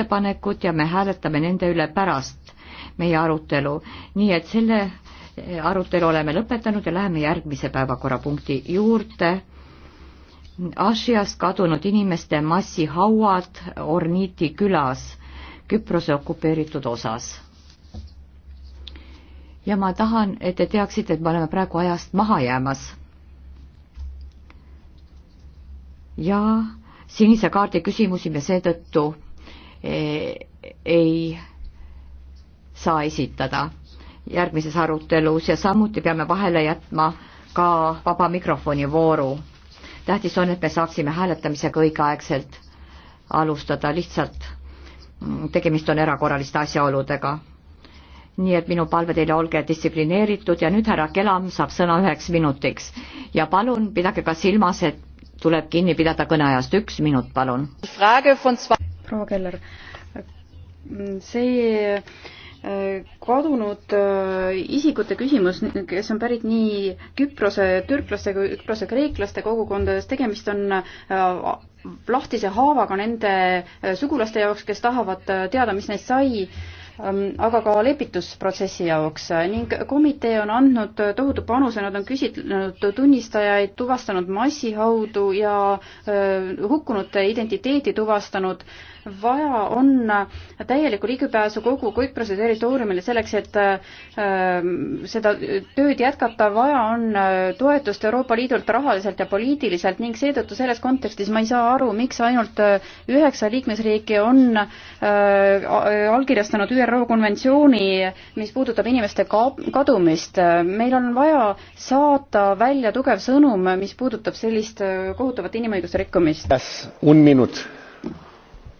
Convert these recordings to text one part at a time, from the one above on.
ettepanekud ja me hääletame nende üle pärast meie arutelu. nii et selle arutelu oleme lõpetanud ja läheme järgmise päevakorrapunkti juurde. Asias kadunud inimeste massihauad Orniiti külas, Küprose okupeeritud osas. ja ma tahan, et te teaksite, et me oleme praegu ajast maha jäämas. ja sinise kaardi küsimusi me seetõttu Eh, ei saa esitada järgmises arutelus ja samuti peame vahele jätma ka vaba mikrofoni vooru. tähtis on, et me saaksime hääletamisega õigeaegselt alustada, lihtsalt mm, tegemist on erakorraliste asjaoludega. nii et minu palve teile, olge distsiplineeritud ja nüüd härra Kelam saab sõna üheks minutiks ja palun pidage ka silmas, et tuleb kinni pidada kõneajast, üks minut palun proua Keller, see äh, kadunud äh, isikute küsimus, kes on pärit nii Küprose türklaste kui Küprose kreeklaste kogukondades, tegemist on äh, lahtise haavaga nende sugulaste jaoks, kes tahavad teada, mis neist sai, ähm, aga ka lepitusprotsessi jaoks ning komitee on andnud tohutu panuse, nad on küsitlenud tunnistajaid, tuvastanud massihaudu ja hukkunute identiteedi tuvastanud vaja on täielikku ligipääsu kogu Küprose territooriumile selleks, et äh, seda tööd jätkata, vaja on äh, toetust Euroopa Liidult rahaliselt ja poliitiliselt ning seetõttu selles kontekstis ma ei saa aru, miks ainult äh, üheksa liikmesriiki on allkirjastanud ÜRO konventsiooni, mis puudutab inimeste kadumist. meil on vaja saata välja tugev sõnum, mis puudutab sellist kohutavat inimõiguste rikkumist. un minut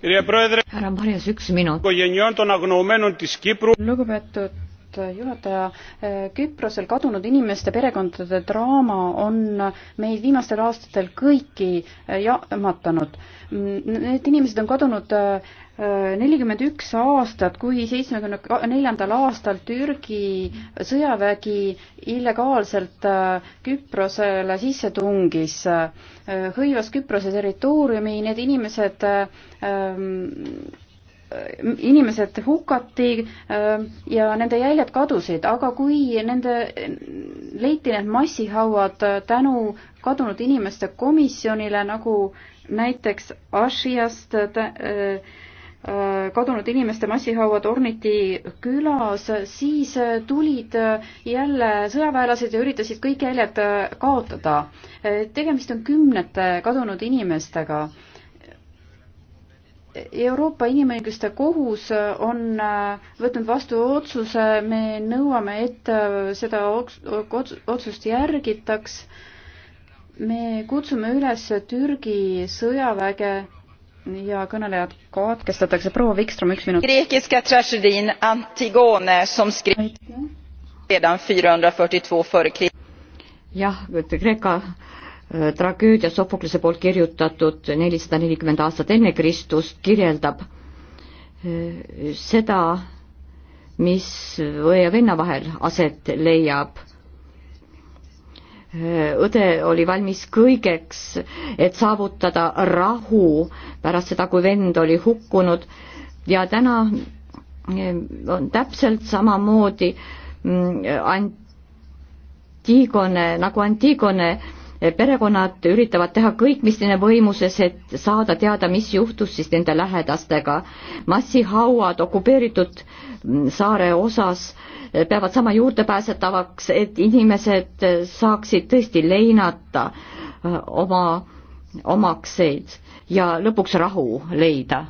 härra Marjas, üks minut. lugupeetud juhataja. Eh, Küprosel kadunud inimeste perekondade draama on meid viimastel aastatel kõiki eh, jahmatanud. Mm, need inimesed on kadunud eh, nelikümmend üks aastat, kui seitsmekümne neljandal aastal Türgi sõjavägi illegaalselt Küprosele sisse tungis, hõivas Küprose territooriumi, need inimesed ähm, inimesed hukati äh, ja nende jäljed kadusid, aga kui nende, leiti need massihauad äh, tänu kadunud inimeste komisjonile, nagu näiteks Asiast äh, kadunud inimeste massihauad Orniti külas, siis tulid jälle sõjaväelased ja üritasid kõik jäljed kaotada. tegemist on kümnete kadunud inimestega Euroopa Inimõiguste Kohus on äh, võtnud vastu otsuse, me nõuame, et äh, seda otsust järgitaks. me kutsume üles Türgi sõjaväge ja kõnelejad katkestatakse. proua Vikström, üks minut. Kreekiska tragediin Antigone som skrev redan 442 före Kreeka. jah, Kreeka tragöödia Sofoklase poolt kirjutatud nelisada nelikümmend aastat enne Kristust kirjeldab eh, seda, mis õe ja venna vahel aset leiab. Eh, õde oli valmis kõigeks, et saavutada rahu pärast seda, kui vend oli hukkunud ja täna eh, on täpselt samamoodi mm, Antigone, nagu Antigone perekonnad üritavad teha kõik, mis neile võimuses, et saada teada, mis juhtus siis nende lähedastega. massihauad okupeeritud mm, saare osas eh, peavad sama juurdepääsetavaks, et inimesed eh, saaksid tõesti leinata eh, oma omakseid ja lõpuks rahu leida.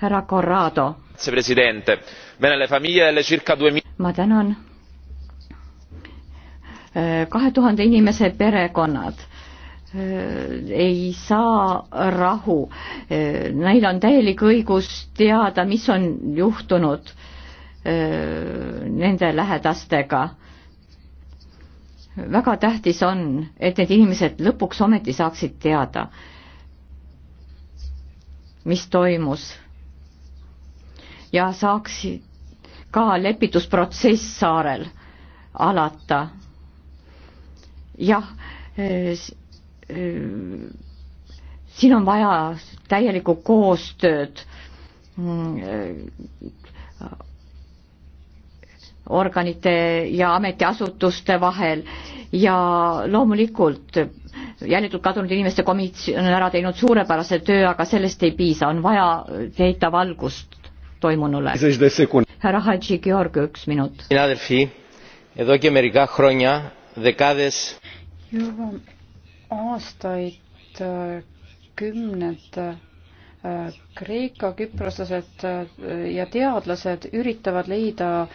härra Corrado. ma tänan kahe tuhande inimese perekonnad ei saa rahu. Neil on täielik õigus teada, mis on juhtunud nende lähedastega. väga tähtis on, et need inimesed lõpuks ometi saaksid teada, mis toimus ja saaksid ka lepitusprotsess saarel alata jah, eh, eh, siin on vaja täielikku koostööd mm, eh, organite ja ametiasutuste vahel ja loomulikult jälitult kadunud inimeste komisjon on ära teinud suurepärase töö, aga sellest ei piisa, on vaja heita valgust toimunule. härra Hadži Georg, üks minut juba aastaid äh, kümned äh, Kreeka küproslased äh, ja teadlased üritavad leida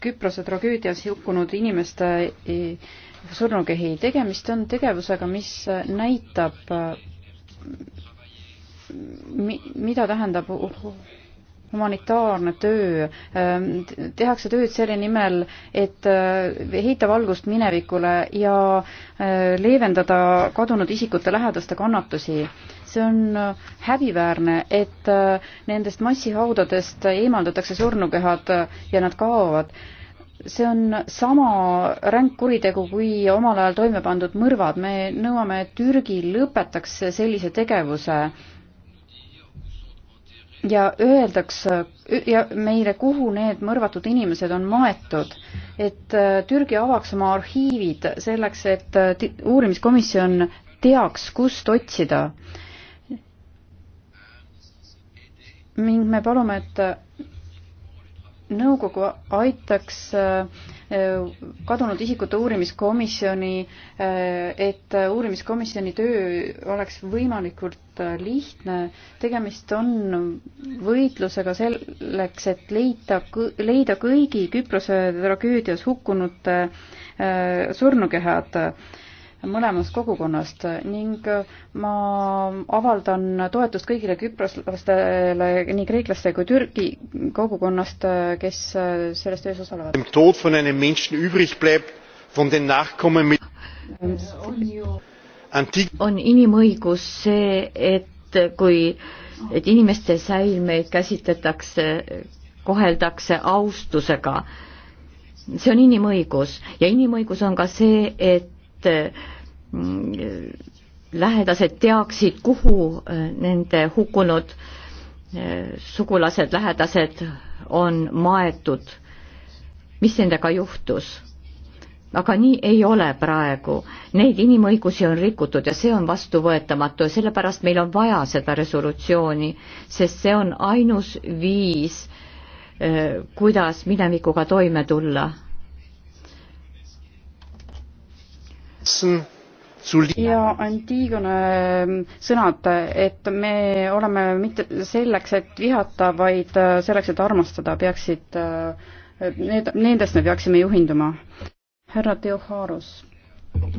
Küprose tragöödias hukkunud inimeste surnukehi. tegemist on tegevusega, mis näitab, mida tähendab humanitaarne töö, ehm, tehakse tööd selle nimel, et heita eh, valgust minevikule ja eh, leevendada kadunud isikute lähedaste kannatusi. see on eh, häbiväärne, et nendest massihaudadest eemaldatakse surnukehad ja nad kaovad see on sama ränk kuritegu kui omal ajal toime pandud mõrvad. me nõuame, et Türgi lõpetaks sellise tegevuse ja öeldakse ja meile, kuhu need mõrvatud inimesed on maetud, et äh, Türgi avaks oma arhiivid selleks, et äh, uurimiskomisjon teaks, kust otsida. ning me palume, et äh, nõukogu aitaks äh, Äh, kadunud isikute uurimiskomisjoni, äh, et uurimiskomisjoni töö oleks võimalikult äh, lihtne. tegemist on võitlusega selleks, et leida, leida kõigi Küprose tragöödias hukkunute surnukehad mõlemast kogukonnast ning ma avaldan toetust kõigile küproslastele, nii kreeklaste kui Türgi kogukonnast, kes selles töös osalevad. on inimõigus see, et kui, et inimeste säilmeid käsitletakse, koheldakse austusega see on inimõigus ja inimõigus on ka see, et et mm, lähedased teaksid, kuhu äh, nende hukkunud äh, sugulased, lähedased on maetud, mis nendega juhtus aga nii ei ole praegu. Neid inimõigusi on rikutud ja see on vastuvõetamatu ja sellepärast meil on vaja seda resolutsiooni, sest see on ainus viis, äh, kuidas minevikuga toime tulla ja Antigone ähm, sõnad, et me oleme mitte selleks, et vihata, vaid äh, selleks, et armastada, peaksid, äh, need, nendest me peaksime juhinduma. härra Teoharus,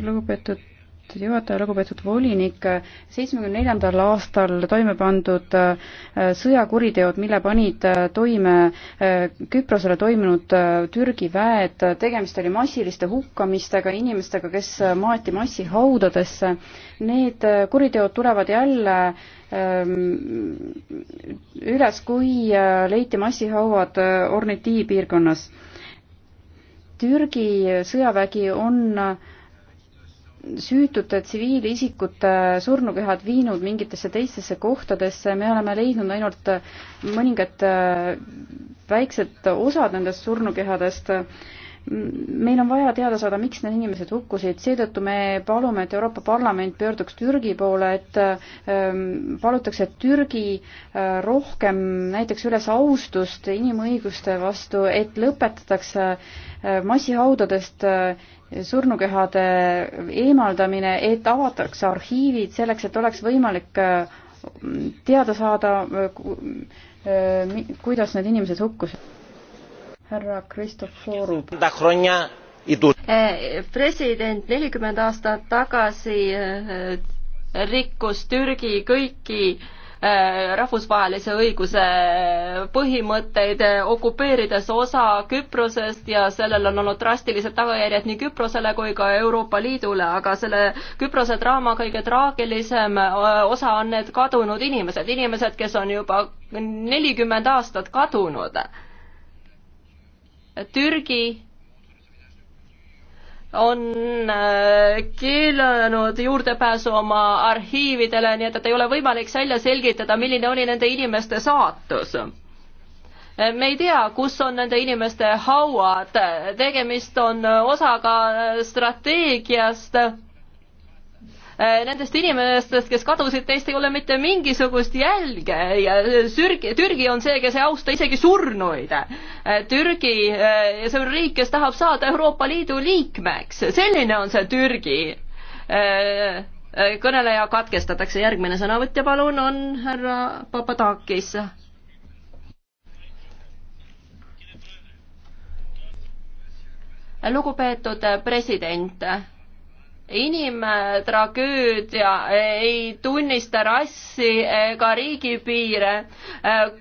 lugupeetud lugupeetud juhataja, lugupeetud volinik, seitsmekümne neljandal aastal toime pandud äh, sõjakuriteod, mille panid äh, toime äh, Küprosele toimunud Türgi väed, tegemist oli massiliste hukkamistega, inimestega, kes maeti massihaudadesse, need kuriteod tulevad jälle ähm, üles, kui leiti massihauad Orniti piirkonnas. Türgi sõjavägi on süütute tsiviilisikute surnukehad viinud mingitesse teistesse kohtadesse, me oleme leidnud ainult mõningad äh, väiksed osad nendest surnukehadest meil on vaja teada saada, miks need inimesed hukkusid, seetõttu me palume, et Euroopa Parlament pöörduks Türgi poole, et ähm, palutakse, et Türgi äh, rohkem näitaks üles austust inimõiguste vastu, et lõpetatakse äh, massihaudadest äh, surnukehade eemaldamine, et avatakse arhiivid selleks, et oleks võimalik teada saada, kuidas need inimesed hukkusid härra Kristoforu. president nelikümmend aastat tagasi äh, rikkus Türgi kõiki äh, rahvusvahelise õiguse äh, põhimõtteid, okupeerides osa Küprosest ja sellel on olnud drastilised tagajärjed nii Küprosele kui ka Euroopa Liidule, aga selle Küprose draama kõige traagilisem osa on need kadunud inimesed, inimesed, kes on juba nelikümmend aastat kadunud Türgi on äh, keelanud juurdepääsu oma arhiividele, nii et, et ei ole võimalik välja selgitada, milline oli nende inimeste saatus. Äh, me ei tea, kus on nende inimeste hauad, tegemist on äh, osaga strateegiast Äh, nendest inimestest, kes kadusid, teist ei ole mitte mingisugust jälge ja Sürgi, Türgi on see, kes ei austa isegi surnuid. Äh, Türgi, äh, see on riik, kes tahab saada Euroopa Liidu liikmeks, selline on see Türgi. kõneleja katkestatakse, järgmine sõnavõtja palun on härra Papadakis. lugupeetud president inimtragöödia ei tunnista rassi ega riigipiire.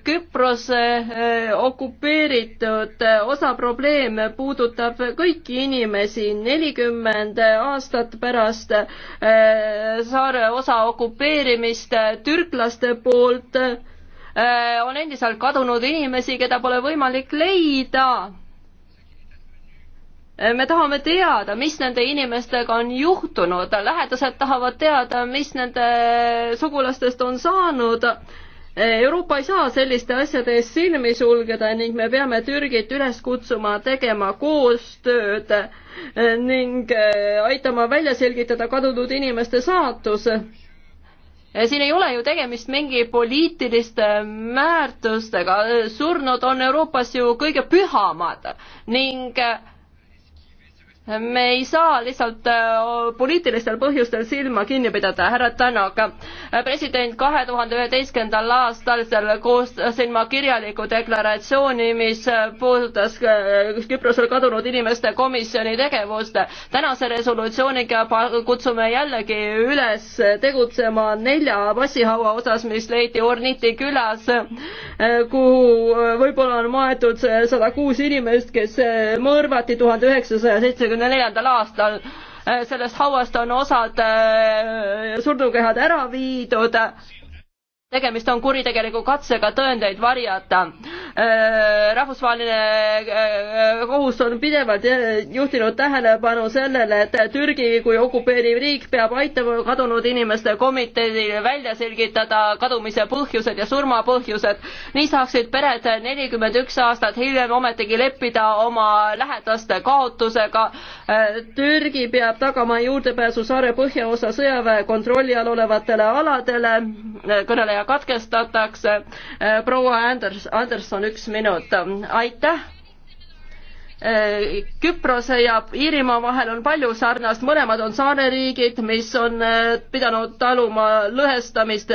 Küprose eh, okupeeritud eh, osa probleeme puudutab kõiki inimesi. nelikümmend aastat pärast eh, saare osa okupeerimist türklaste poolt on endiselt kadunud inimesi, keda pole võimalik leida me tahame teada, mis nende inimestega on juhtunud, lähedased tahavad teada, mis nende sugulastest on saanud. Euroopa ei saa selliste asjade eest silmi sulgeda ning me peame Türgit üles kutsuma tegema koostööd ning aitama välja selgitada kadunud inimeste saatuse siin ei ole ju tegemist mingi poliitiliste määrtustega, surnud on Euroopas ju kõige pühamad ning äh, me ei saa lihtsalt äh, poliitilistel põhjustel silma kinni pidada, härra Tänak. Äh, president kahe tuhande üheteistkümnendal aastal koostasin ma kirjaliku deklaratsiooni, mis äh, puudutas Küprosel kadunud inimeste komisjoni tegevust. tänase resolutsiooniga kutsume jällegi üles tegutsema nelja massihaua osas, mis leiti Orniti külas, kuhu võib-olla on maetud sada kuus inimest, kes mõrvati tuhande üheksasaja seitsmekümne üheksakümne neljandal aastal. Äh, sellest hauast on osad äh, surnukehad ära viidud tegemist on kuritegeliku katsega tõendeid varjata. Äh, rahvusvaheline äh, kohus on pidevalt äh, juhtinud tähelepanu sellele, et Türgi kui okupeeriv riik peab aitama kadunud inimeste komiteedil välja selgitada kadumise põhjused ja surmapõhjused. nii saaksid pered nelikümmend üks aastat hiljem ometigi leppida oma lähedaste kaotusega. Türgi peab tagama juurdepääsu saare põhjaosa sõjaväe kontrolli all olevatele aladele, kõneleja kõneleja katkestatakse. Eh, proua Anders, Anderson, üks minut, aitäh eh, Küprose ja Iirimaa vahel on palju sarnast, mõlemad on saareriigid, mis on eh, pidanud taluma lõhestamist,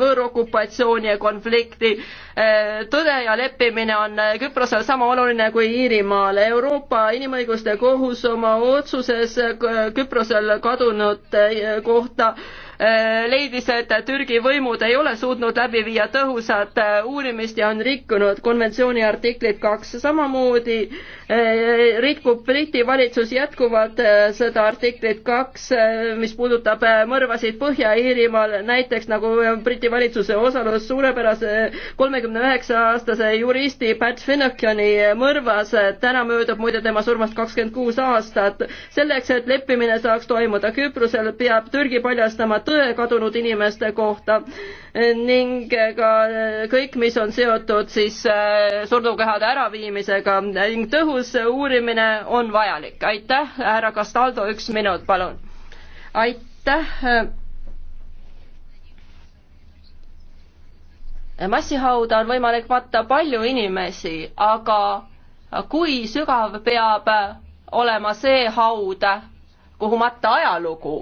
võõrokupatsiooni ja konflikti. Äh, tõde ja leppimine on äh, Küprosel sama oluline kui Iirimaal. Euroopa Inimõiguste Kohus oma otsuses äh, Küprosel kadunud kohta leidis, et Türgi võimud ei ole suutnud läbi viia tõhusat uurimist ja on rikkunud konventsiooni artiklit kaks. samamoodi rikub Briti valitsus jätkuvalt seda artiklit kaks, mis puudutab mõrvasid Põhja-Iirimaal, näiteks nagu Briti valitsuse osalus suurepärase kolmekümne kahekümne üheksa aastase juristi Pat Finnegani mõrvas. täna möödub muide tema surmast kakskümmend kuus aastat. selleks, et leppimine saaks toimuda Küprosel, peab Türgi paljastama tõe kadunud inimeste kohta ning ka kõik, mis on seotud siis äh, surnukehade äraviimisega ning tõhus uurimine on vajalik. aitäh, härra Castaldo, üks minut, palun. aitäh äh, massihauda on võimalik matta palju inimesi, aga kui sügav peab olema see haud, kuhu matta ajalugu,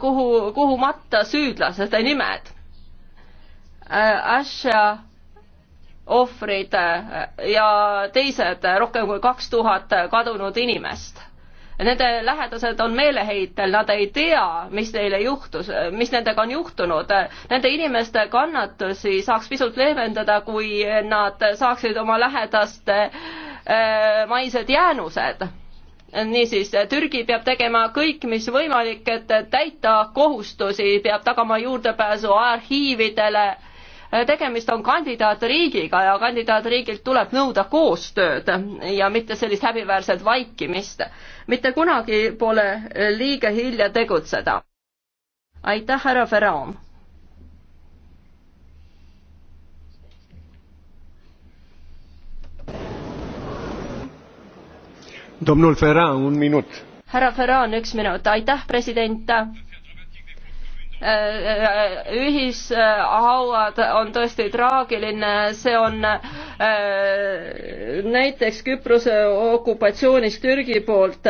kuhu, kuhu matta süüdlaste nimed. Asja ohvrid ja teised rohkem kui kaks tuhat kadunud inimest Nende lähedased on meeleheitel, nad ei tea, mis neile juhtus, mis nendega on juhtunud. Nende inimeste kannatusi saaks pisut leevendada, kui nad saaksid oma lähedaste äh, maised jäänused niisiis, Türgi peab tegema kõik, mis võimalik, et täita kohustusi, peab tagama juurdepääsu arhiividele, Äh, tegemist on kandidaatriigiga ja kandidaatriigilt tuleb nõuda koostööd ja mitte sellist häbiväärset vaikimist. mitte kunagi pole äh, liiga hilja tegutseda. aitäh, härra Ferraum. härra Ferran, üks minut, aitäh, president Äh, äh, ühishauad on tõesti traagiline, see on äh, näiteks Küprose okupatsioonis Türgi poolt.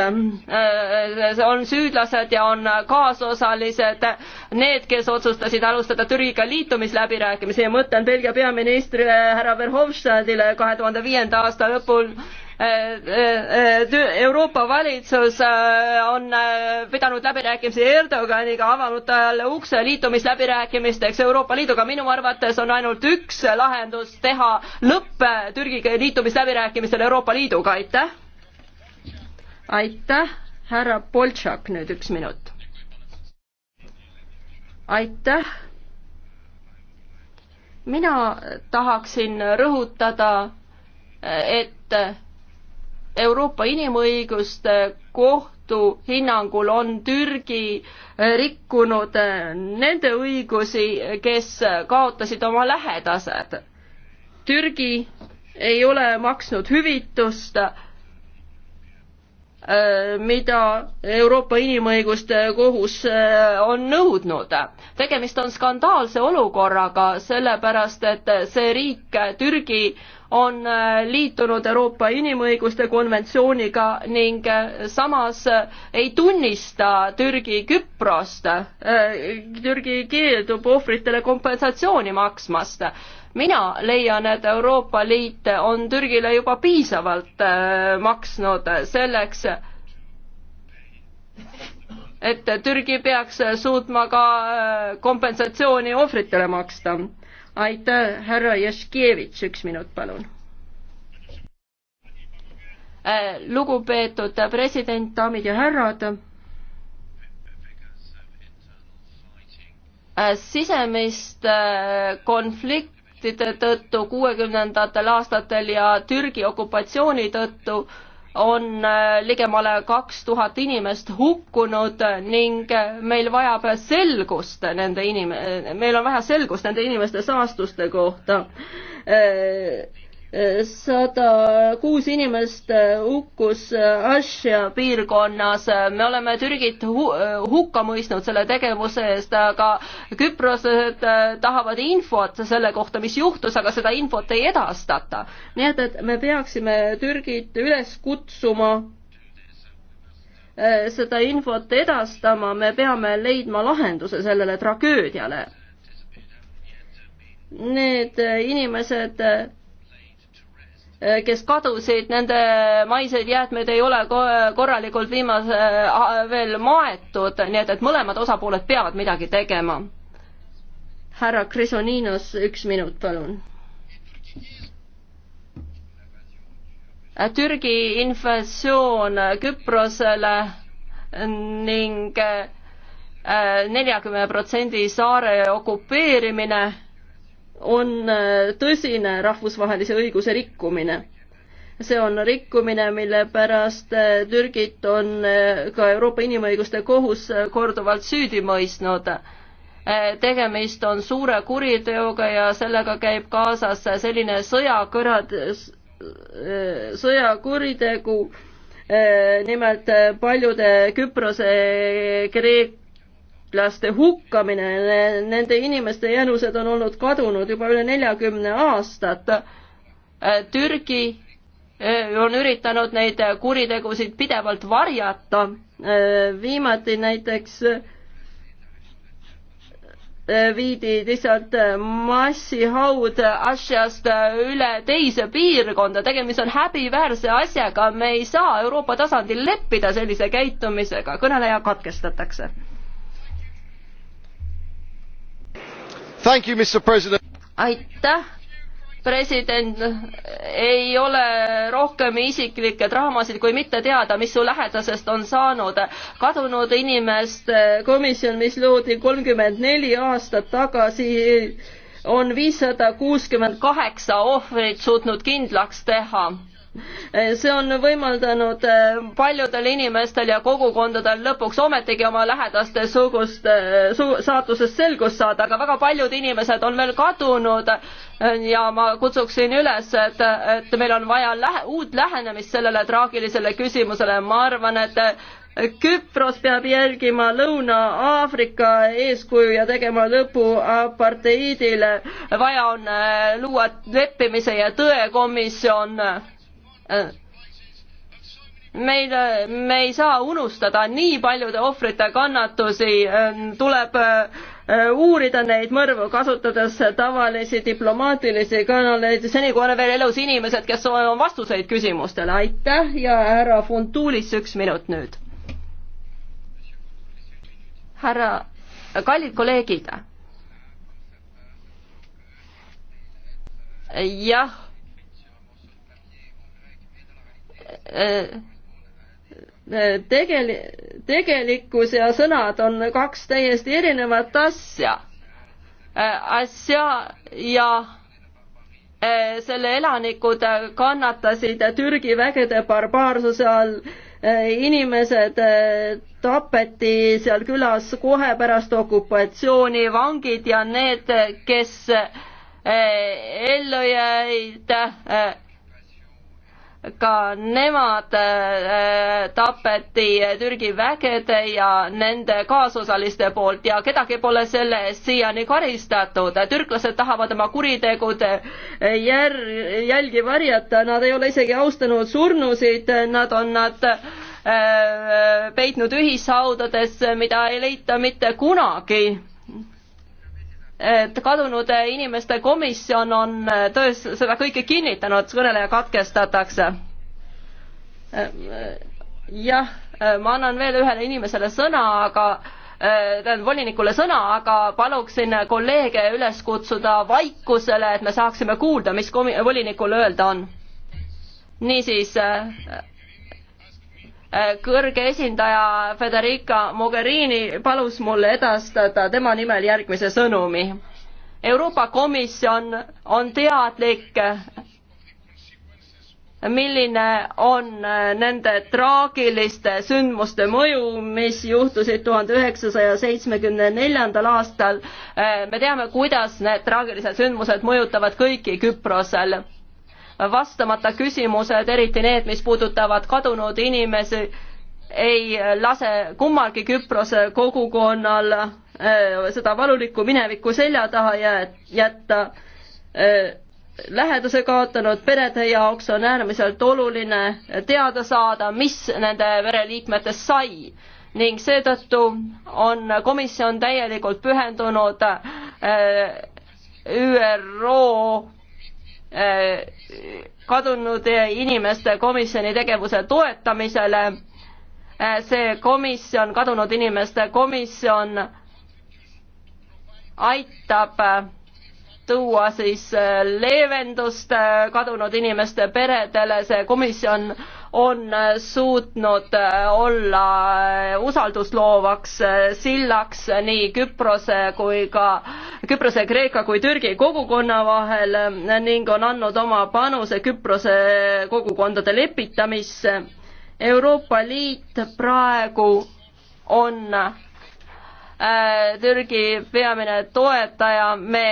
on süüdlased ja on kaasosalised, need, kes otsustasid alustada Türgiga liitumisläbirääkimisi ja mõtlen Belgia peaministrile härra Verhofstadile kahe tuhande viienda aasta lõpul Äh, äh, äh, Euroopa valitsus on pidanud läbirääkimisi Erdoganiga, avanud talle ukse liitumisläbirääkimisteks Euroopa Liiduga. minu arvates on ainult üks lahendus teha lõpp Türgi liitumisläbirääkimistel Euroopa Liiduga, aitäh. aitäh, härra Boltšak, nüüd üks minut. aitäh. mina tahaksin rõhutada, et Euroopa Inimõiguste Kohtu hinnangul on Türgi äh, rikkunud äh, nende õigusi, kes kaotasid oma lähedased. Türgi ei ole maksnud hüvitust äh, Äh, mida Euroopa Inimõiguste Kohus äh, on nõudnud. tegemist on skandaalse olukorraga, sellepärast et see riik, Türgi, on äh, liitunud Euroopa Inimõiguste Konventsiooniga ning samas ei tunnista Türgi Küprost. Türgi keeldub ohvritele kompensatsiooni maksmast mina leian, et Euroopa Liit on Türgile juba piisavalt äh, maksnud selleks, et Türgi peaks suutma ka äh, kompensatsiooni ohvritele maksta. aitäh, härra Jaškevitš, üks minut, palun. Äh, lugupeetud president, daamid ja härrad sisemist konflikti protestide tõttu kuuekümnendatel aastatel ja Türgi okupatsiooni tõttu on äh, ligemale kaks tuhat inimest hukkunud ning äh, meil vajab selgust nende inim-, äh, meil on vaja selgust nende inimeste saastuste kohta sada kuus inimest äh, hukkus äh, Asja piirkonnas. me oleme Türgit äh, hukka mõistnud selle tegevuse eest, aga küprosed tahavad infot selle kohta, mis juhtus, aga seda infot ei edastata. nii et, et me peaksime Türgit üles kutsuma seda infot edastama, me peame leidma lahenduse sellele tragöödiale. Need inimesed Äh, kes kadusid, nende maised jäätmed ei ole korralikult viimase, äh, veel maetud, nii et, et mõlemad osapooled peavad midagi tegema. härra Krisoninos, üks minut, palun. Türgi inflatsioon Küprosele ning äh, neljakümne protsendi saare okupeerimine on äh, tõsine rahvusvahelise õiguse rikkumine. see on rikkumine, mille pärast äh, Türgit on äh, ka Euroopa Inimõiguste Kohus korduvalt süüdi mõistnud. tegemist on suure kuriteoga ja sellega käib kaasas selline sõjakõrad, sõjakuritegu, nimelt paljude Küprose, Kreek-, laste hukkamine, nende inimeste elused on olnud kadunud juba üle neljakümne aastat. Türgi eh, on üritanud neid kuritegusid pidevalt varjata. Eh, viimati näiteks eh, viidi lihtsalt massihaud asjast üle teise piirkonda, tegemist on häbiväärse asjaga, me ei saa Euroopa tasandil leppida sellise käitumisega, kõneleja katkestatakse You, aitäh president ei ole rohkem isiklikke draamasid kui mitte teada mis su lähedasest on saanud kadunud inimeste komisjon mis loodi kolmkümmend neli aastat tagasi on viissada kuuskümmend kaheksa ohvrit suutnud kindlaks teha Eh, see on võimaldanud eh, paljudel inimestel ja kogukondadel lõpuks ometigi oma lähedaste sugust eh, su, saatusest selgust saada, aga väga paljud inimesed on veel kadunud ja ma kutsuksin üles, et, et meil on vaja lähe, uut lähenemist sellele traagilisele küsimusele, ma arvan, et Küpros peab jälgima Lõuna-Aafrika eeskuju ja tegema lõpu aparteiidile. vaja on luua leppimise ja tõe komisjon meil, me ei saa unustada nii paljude ohvrite kannatusi, ähm, tuleb äh, uurida neid mõrvu, kasutades tavalisi diplomaatilisi kanaleid, seni kui on veel elus inimesed, kes soovivad vastuseid küsimustele, aitäh ja härra Funtulis üks minut nüüd. härra, kallid kolleegid. jah Äh, äh, tegel-, tegelikkus ja sõnad on kaks täiesti erinevat asja. Äh, asja ja selle elanikud kannatasid Türgi vägede barbaarsuse all, inimesed tapeti seal külas kohe pärast okupatsiooni, vangid ja need, kes ellu jäid, ka nemad äh, tapeti Türgi vägede ja nende kaasosaliste poolt ja kedagi pole selle eest siiani karistatud. türklased tahavad oma kuritegude äh, jär-, jälgi varjata, nad ei ole isegi austanud surnusid, nad on nad äh, peitnud ühishaudadesse, mida ei leita mitte kunagi et kadunud inimeste komisjon on äh, tões seda kõike kinnitanud, kõneleja katkestatakse. Äh, jah, äh, ma annan veel ühele inimesele sõna, aga tähendab volinikule sõna, aga paluksin kolleege üles kutsuda vaikusele, et me saaksime kuulda, mis komi-, volinikul öelda on. niisiis äh, Äh, kõrge esindaja Federica Mogherini palus mulle edastada tema nimel järgmise sõnumi. Euroopa Komisjon on teadlik, milline on äh, nende traagiliste sündmuste mõju, mis juhtusid tuhande üheksasaja seitsmekümne neljandal aastal. Äh, me teame, kuidas need traagilised sündmused mõjutavad kõiki Küprosel vastamata küsimused, eriti need, mis puudutavad kadunud inimesi, ei lase kummalgi Küprose kogukonnal äh, seda valulikku minevikku selja taha jätta. Äh, lähedase kaotanud perede jaoks on äärmiselt oluline teada saada, mis nende vereliikmetest sai ning seetõttu on komisjon täielikult pühendunud äh, ÜRO Äh, kadunud inimeste komisjoni tegevuse toetamisele. Äh, see komisjon, kadunud inimeste komisjon aitab äh, tuua siis leevendust kadunud inimeste peredele, see komisjon on äh, suutnud äh, olla äh, usaldusloovaks sillaks nii Küprose kui ka, Küprose, Kreeka kui Türgi kogukonna vahel ning on andnud oma panuse Küprose kogukondade lepitamisse. Euroopa Liit praegu on Türgi peamine toetaja, me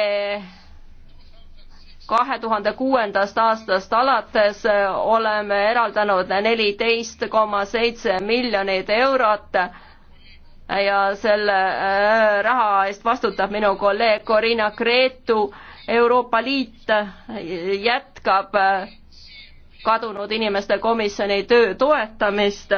kahe tuhande kuuendast aastast alates oleme eraldanud neliteist koma seitse miljonit eurot ja selle äh, raha eest vastutab minu kolleeg Corina Cretu. Euroopa Liit jätkab äh, kadunud inimeste komisjoni töö toetamist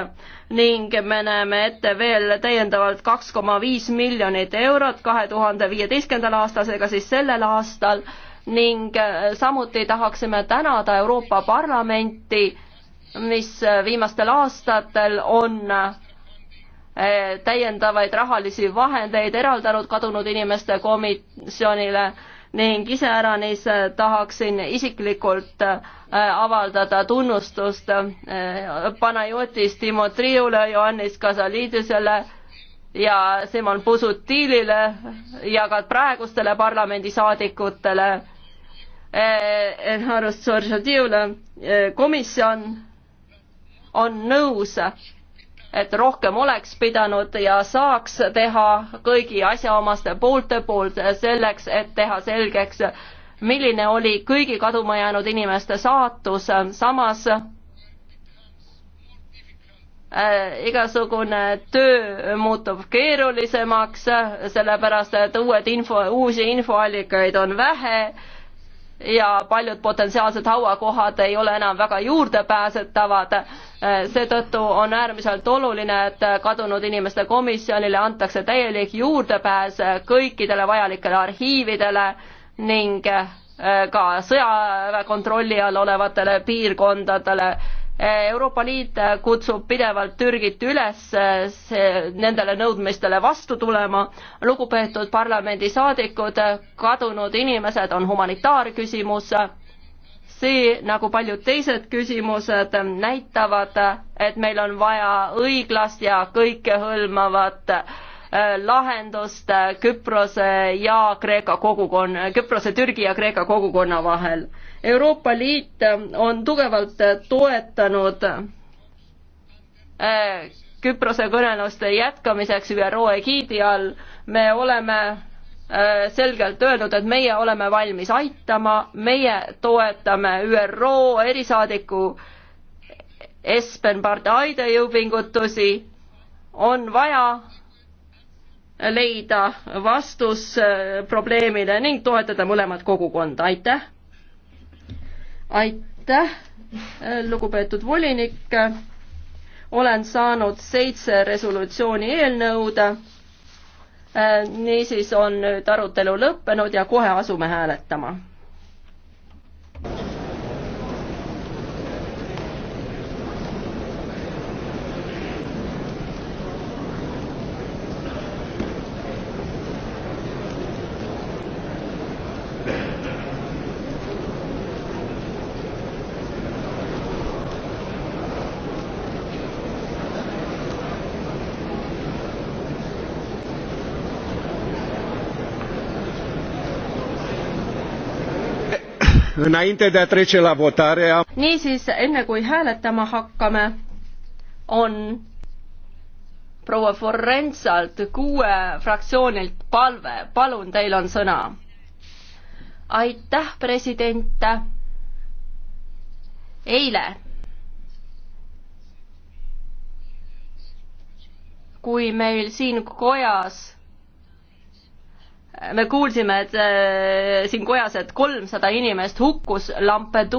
ning me näeme ette veel täiendavalt kaks koma viis miljonit eurot kahe tuhande viieteistkümnendal aastal, seega siis sellel aastal ning äh, samuti tahaksime tänada Euroopa Parlamenti, mis äh, viimastel aastatel on äh, täiendavaid rahalisi vahendeid eraldanud kadunud inimeste komisjonile ning iseäranis tahaksin isiklikult avaldada tunnustust Panajotis Timotriule, Johannes Kasalidisele ja Simon Pusutilile ja ka praegustele parlamendisaadikutele härrast eh, eh, Soržadiule, eh, komisjon on nõus, et rohkem oleks pidanud ja saaks teha kõigi asjaomaste poolte poolt selleks, et teha selgeks, milline oli kõigi kaduma jäänud inimeste saatus, samas igasugune töö muutub keerulisemaks, sellepärast et uued info, uusi infoallikaid on vähe ja paljud potentsiaalsed hauakohad ei ole enam väga juurdepääsetavad. seetõttu on äärmiselt oluline, et kadunud inimeste komisjonile antakse täielik juurdepääs kõikidele vajalikele arhiividele ning ka sõjaväe kontrolli all olevatele piirkondadele Euroopa Liit kutsub pidevalt Türgit üles nendele nõudmistele vastu tulema. lugupeetud parlamendisaadikud, kadunud inimesed on humanitaarküsimus. see, nagu paljud teised küsimused, näitavad, et meil on vaja õiglast ja kõikehõlmavat äh, lahendust äh, Küprose ja Kreeka kogukonna, Küprose, Türgi ja Kreeka kogukonna vahel Euroopa Liit on tugevalt toetanud äh, Küprose kõneluste jätkamiseks ÜRO egiidi all. me oleme äh, selgelt öelnud, et meie oleme valmis aitama, meie toetame ÜRO erisaadiku Espen Bardaide jõupingutusi. on vaja leida vastus äh, probleemile ning toetada mõlemat kogukonda, aitäh! aitäh, lugupeetud volinik. olen saanud seitse resolutsiooni eelnõud. niisiis on nüüd arutelu lõppenud ja kohe asume hääletama niisiis, enne kui hääletama hakkame, on proua Forensalt kuue fraktsioonilt palve, palun, teil on sõna. aitäh, president. eile, kui meil siin kojas me kuulsime, et äh, siin kojas, et kolmsada inimest hukkus Lampeduusas.